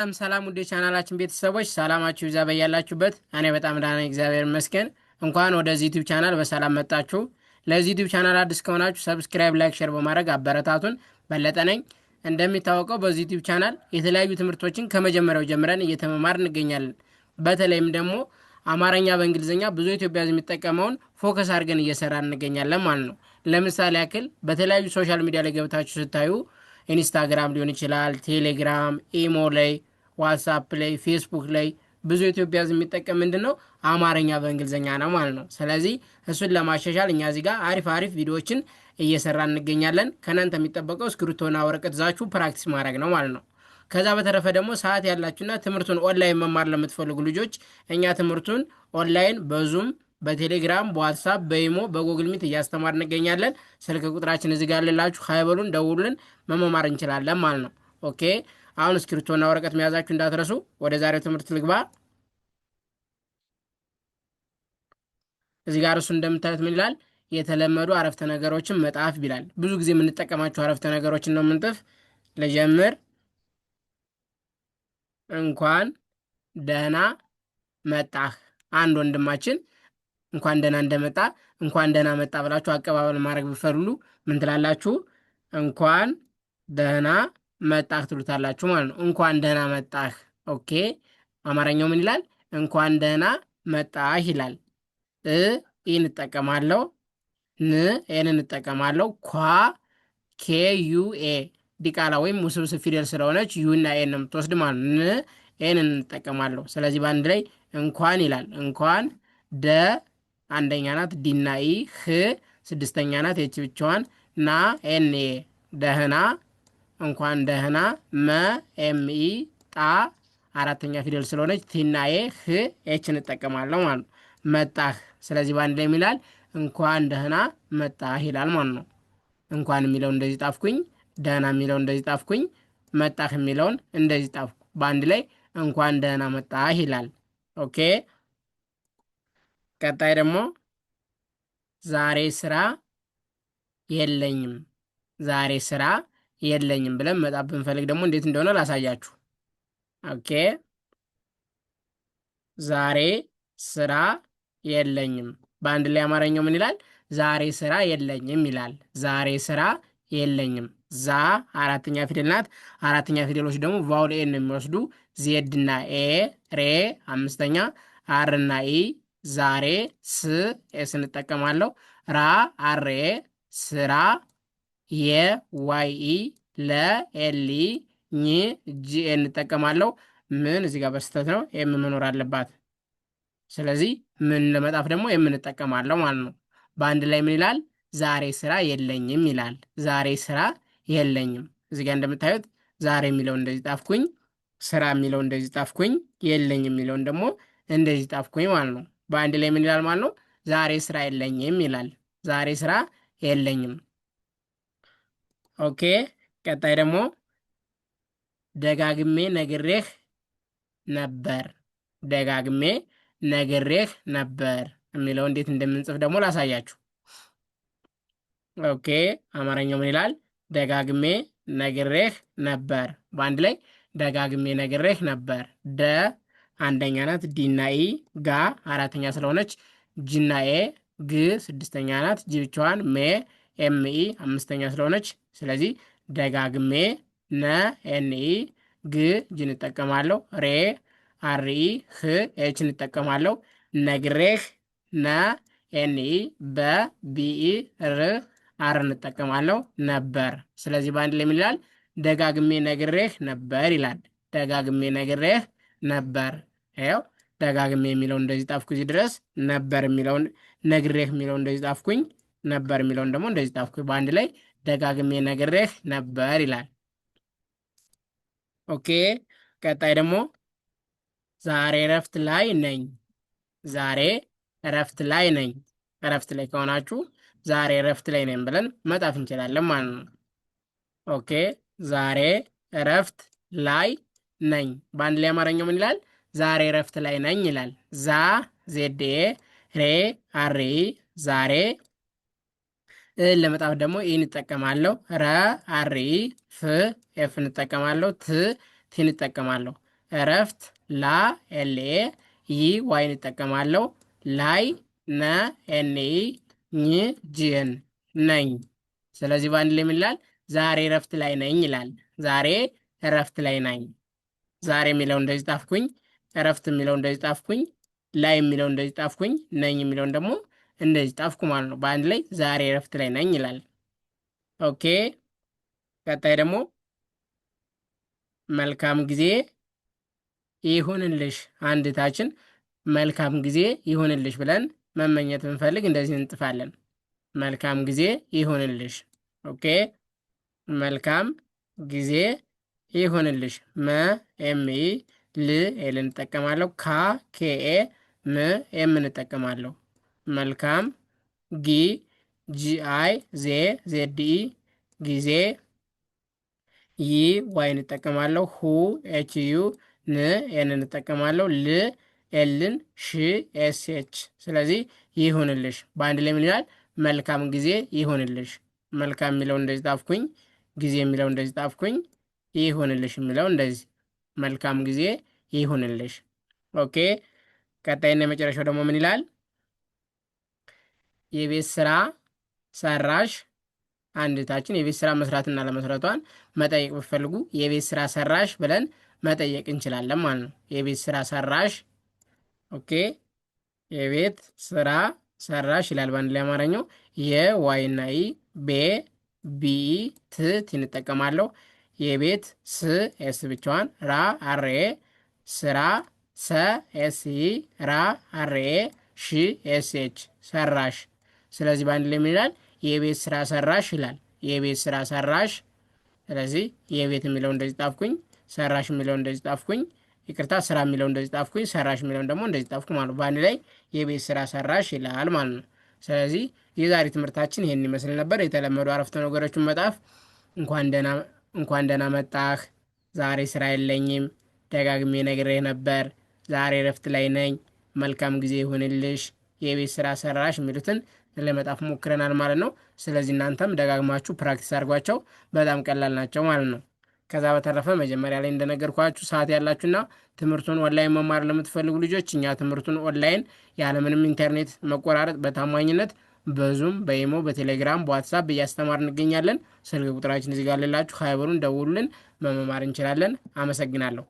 በጣም ሰላም ውድ ቻናላችን ቤተሰቦች ሰላማችሁ ይብዛ በያላችሁበት። እኔ በጣም ደህና እግዚአብሔር ይመስገን። እንኳን ወደዚህ ዩቲዩብ ቻናል በሰላም መጣችሁ። ለዚህ ዩቲዩብ ቻናል አዲስ ከሆናችሁ ሰብስክራይብ፣ ላይክ፣ ሼር በማድረግ አበረታቱን። በለጠ እንደሚታወቀው በዚህ ዩቲዩብ ቻናል የተለያዩ ትምህርቶችን ከመጀመሪያው ጀምረን እየተመማር እንገኛለን። በተለይም ደግሞ አማርኛ በእንግሊዝኛ ብዙ ኢትዮጵያ የሚጠቀመውን ፎከስ አድርገን እየሰራ እንገኛለን ማለት ነው። ለምሳሌ ያክል በተለያዩ ሶሻል ሚዲያ ላይ ገብታችሁ ስታዩ ኢንስታግራም ሊሆን ይችላል፣ ቴሌግራም፣ ኢሞ ላይ ዋትሳፕ ላይ ፌስቡክ ላይ ብዙ ኢትዮጵያ ህዝብ የሚጠቀም ምንድን ነው አማርኛ በእንግሊዝኛ ነው ማለት ነው። ስለዚህ እሱን ለማሻሻል እኛ እዚህ ጋር አሪፍ አሪፍ ቪዲዮዎችን እየሰራ እንገኛለን። ከእናንተ የሚጠበቀው እስክሪብቶና ወረቀት ዛችሁ ፕራክቲስ ማድረግ ነው ማለት ነው። ከዛ በተረፈ ደግሞ ሰዓት ያላችሁና ትምህርቱን ኦንላይን መማር ለምትፈልጉ ልጆች እኛ ትምህርቱን ኦንላይን በዙም በቴሌግራም በዋትሳፕ በኢሞ በጉግል ሚት እያስተማር እንገኛለን። ስልክ ቁጥራችን እዚህ ጋር ልላችሁ ሀይበሉን ደውሉልን መመማር እንችላለን ማለት ነው። ኦኬ አሁን እስክሪቶና ወረቀት መያዛችሁ እንዳትረሱ። ወደ ዛሬው ትምህርት ልግባ። እዚህ ጋር እሱ እንደምታዩት ምን ይላል? የተለመዱ አረፍተ ነገሮችን መጣፍ ይላል። ብዙ ጊዜ የምንጠቀማቸው አረፍተ ነገሮችን ነው የምንጥፍ። ለጀምር እንኳን ደህና መጣህ። አንድ ወንድማችን እንኳን ደህና እንደመጣ እንኳን ደህና መጣ ብላችሁ አቀባበል ማድረግ ብፈሉ ምን ትላላችሁ? እንኳን ደህና መጣህ ትሉታላችሁ ማለት ነው። እንኳን ደህና መጣህ። ኦኬ አማርኛው ምን ይላል? እንኳን ደህና መጣህ ይላል። እ ኢ እንጠቀማለሁ። ን ይህን እንጠቀማለሁ። ኳ ኬ ዩ ኤ ዲቃላ ወይም ውስብስብ ፊደል ስለሆነች ዩና ኤን የምትወስድ ማለት ነው። ን ይህን እንጠቀማለሁ። ስለዚህ በአንድ ላይ እንኳን ይላል። እንኳን ደ አንደኛ ናት ዲና ኢ ህ ስድስተኛ ናት የች ብቻዋን ና ኤን ኤ ደህና እንኳን ደህና መ ኤምኢ ጣ አራተኛ ፊደል ስለሆነች ቲና ኤ ህ ኤች እንጠቀማለሁ ማለት ነው። መጣህ። ስለዚህ በአንድ ላይ የሚላል እንኳን ደህና መጣህ ይላል ማለት ነው። እንኳን የሚለውን እንደዚህ ጣፍኩኝ፣ ደህና የሚለውን እንደዚህ ጣፍኩኝ፣ መጣህ የሚለውን እንደዚህ ጣፍኩ። በአንድ ላይ እንኳን ደህና መጣህ ይላል። ኦኬ። ቀጣይ ደግሞ ዛሬ ስራ የለኝም። ዛሬ ስራ የለኝም ብለን መጣብ ብንፈልግ ደግሞ እንዴት እንደሆነ ላሳያችሁ። ኦኬ ዛሬ ስራ የለኝም። በአንድ ላይ አማርኛው ምን ይላል? ዛሬ ስራ የለኝም ይላል። ዛሬ ስራ የለኝም። ዛ አራተኛ ፊደል ናት። አራተኛ ፊደሎች ደግሞ ቫውል ኤን የሚወስዱ። ዜድ እና ኤ፣ ሬ አምስተኛ፣ አር እና ኢ፣ ዛሬ፣ ስ ኤስ እንጠቀማለሁ። ራ አሬ ስራ የዋይ ለኤሊ ኝ ጂኤን እንጠቀማለሁ። ምን እዚህ ጋር በስተት ነው ኤም መኖር አለባት። ስለዚህ ምን ለመጣፍ ደግሞ የምንጠቀማለው ማለት ነው። በአንድ ላይ ምን ይላል? ዛሬ ስራ የለኝም ይላል። ዛሬ ስራ የለኝም። እዚህ ጋር እንደምታዩት ዛሬ የሚለው እንደዚህ ጣፍኩኝ፣ ስራ የሚለው እንደዚህ ጣፍኩኝ፣ የለኝ የሚለውን ደግሞ እንደዚህ ጣፍኩኝ ማለት ነው። በአንድ ላይ ምን ይላል ማለት ነው? ዛሬ ስራ የለኝም ይላል። ዛሬ ስራ የለኝም። ኦኬ። ቀጣይ ደግሞ ደጋግሜ ነግሬህ ነበር፣ ደጋግሜ ነግሬህ ነበር የሚለው እንዴት እንደምንጽፍ ደግሞ ላሳያችሁ። ኦኬ አማርኛው ምን ይላል? ደጋግሜ ነግሬህ ነበር። በአንድ ላይ ደጋግሜ ነግሬህ ነበር። ደ አንደኛ ናት፣ ኢ ጋ አራተኛ ስለሆነች ጅና ኤ ግ ስድስተኛ ናት፣ ጅብቻዋን ሜ ኤምኢ አምስተኛ ስለሆነች ስለዚህ ደጋግሜ ነ ኤንኢ ግ ጅ እንጠቀማለሁ ሬ አርኢ ህ ኤች እንጠቀማለሁ ነግሬህ ነ ኤንኢ በ ቢኢ ር አር እንጠቀማለሁ ነበር። ስለዚህ በአንድ ላይ ምን ይላል? ደጋግሜ ነግሬህ ነበር ይላል። ደጋግሜ ነግሬህ ነበር። ይኸው ደጋግሜ የሚለው እንደዚህ ጣፍኩ። እዚህ ድረስ ነበር የሚለውን ነግሬህ የሚለው እንደዚህ ጣፍኩኝ። ነበር የሚለውን ደግሞ እንደዚህ ጣፍኩ። በአንድ ላይ ደጋግሜ ነግሬህ ነበር ይላል። ኦኬ ቀጣይ ደግሞ ዛሬ እረፍት ላይ ነኝ። ዛሬ እረፍት ላይ ነኝ። እረፍት ላይ ከሆናችሁ ዛሬ እረፍት ላይ ነኝ ብለን መጣፍ እንችላለን ማለት ነው። ኦኬ ዛሬ እረፍት ላይ ነኝ። በአንድ ላይ አማርኛው ምን ይላል? ዛሬ እረፍት ላይ ነኝ ይላል። ዛ ዜዴ ሬ አሬ ዛሬ እህል ለመጣፍ ደግሞ ኤን እንጠቀማለሁ። ረ አሪ ፍ ኤፍ እንጠቀማለሁ። ት ቲ እንጠቀማለሁ። እረፍት ላ ኤልኤ ይ ዋይ እንጠቀማለሁ። ላይ ነ ኤን ኝ ጂን ነኝ። ስለዚህ በአንድ ላይ የሚላል ዛሬ እረፍት ላይ ነኝ ይላል። ዛሬ እረፍት ላይ ነኝ። ዛሬ የሚለው እንደዚህ ጣፍኩኝ። እረፍት የሚለው እንደዚህ ጣፍኩኝ። ላይ የሚለው እንደዚህ ጣፍኩኝ። ነኝ የሚለውን ደግሞ እንደዚህ ጣፍኩ ማለት ነው። በአንድ ላይ ዛሬ እረፍት ላይ ነኝ ይላል። ኦኬ ቀጣይ ደግሞ መልካም ጊዜ ይሁንልሽ። አንድ ታችን መልካም ጊዜ ይሁንልሽ ብለን መመኘት ብንፈልግ እንደዚህ እንጥፋለን። መልካም ጊዜ ይሁንልሽ። ኦኬ መልካም ጊዜ ይሁንልሽ። መ ኤም ኢ ል ኤል እንጠቀማለሁ። ካ ኬ ኤ ም ኤም እንጠቀማለሁ። መልካም ጊ ጂአይ ዜ ዜድኢ ጊዜ ይ ዋይ እጠቀማለሁ ሁ ኤች ዩ ን ኤንን እጠቀማለሁ ል ኤልን ሽ ኤስ ኤች ስለዚህ ይሁንልሽ በአንድ ላይ ምን ይላል መልካም ጊዜ ይሁንልሽ መልካም የሚለው እንደዚህ ጣፍኩኝ ጊዜ የሚለውን እንደዚህ ጣፍኩኝ ይሁንልሽ የሚለው እንደዚህ መልካም ጊዜ ይሁንልሽ ኦኬ ቀጣይና የመጨረሻው ደግሞ ምን ይላል የቤት ስራ ሰራሽ አንድታችን የቤት ስራ መስራትና ለመስራቷን መጠየቅ ብፈልጉ የቤት ስራ ሰራሽ ብለን መጠየቅ እንችላለን ማለት ነው። የቤት ስራ ሰራሽ ኦኬ። የቤት ስራ ሰራሽ ይላል በአንድ ላይ አማርኛው የዋይና ኢ ቤ ቢ ት እንጠቀማለሁ። የቤት ስ ኤስ ብቻዋን ራ አሬ ስራ ሰ ኤስ ራ አሬ ሺ ኤስ ኤች ሰራሽ ስለዚህ በአንድ ላይ ምን ይላል? የቤት ስራ ሰራሽ ይላል። የቤት ስራ ሰራሽ። ስለዚህ የቤት የሚለው እንደዚህ ጣፍኩኝ፣ ሰራሽ የሚለው እንደዚህ ጣፍኩኝ፣ ይቅርታ ስራ የሚለው እንደዚህ ጣፍኩኝ፣ ሰራሽ የሚለውን ደግሞ እንደዚህ ጣፍኩ ማለት ነው። በአንድ ላይ የቤት ስራ ሰራሽ ይላል ማለት ነው። ስለዚህ የዛሬ ትምህርታችን ይሄን ይመስል ነበር። የተለመዱ አረፍተ ነገሮችን መጣፍ እንኳን ደህና መጣህ፣ ዛሬ ስራ የለኝም፣ ደጋግሜ ነግሬህ ነበር፣ ዛሬ እረፍት ላይ ነኝ፣ መልካም ጊዜ ይሁንልሽ፣ የቤት ስራ ሰራሽ የሚሉትን ለመጣፍ ሞክረናል ማለት ነው። ስለዚህ እናንተም ደጋግማችሁ ፕራክቲስ አድርጓቸው፣ በጣም ቀላል ናቸው ማለት ነው። ከዛ በተረፈ መጀመሪያ ላይ እንደነገርኳችሁ ሰዓት ያላችሁና ትምህርቱን ኦንላይን መማር ለምትፈልጉ ልጆች እኛ ትምህርቱን ኦንላይን ያለምንም ኢንተርኔት መቆራረጥ በታማኝነት በዙም በኢሞ በቴሌግራም በዋትሳፕ እያስተማር እንገኛለን። ስልክ ቁጥራችን እዚህ ሌላችሁ ሀይበሩን ደውሉልን፣ መመማር እንችላለን። አመሰግናለሁ።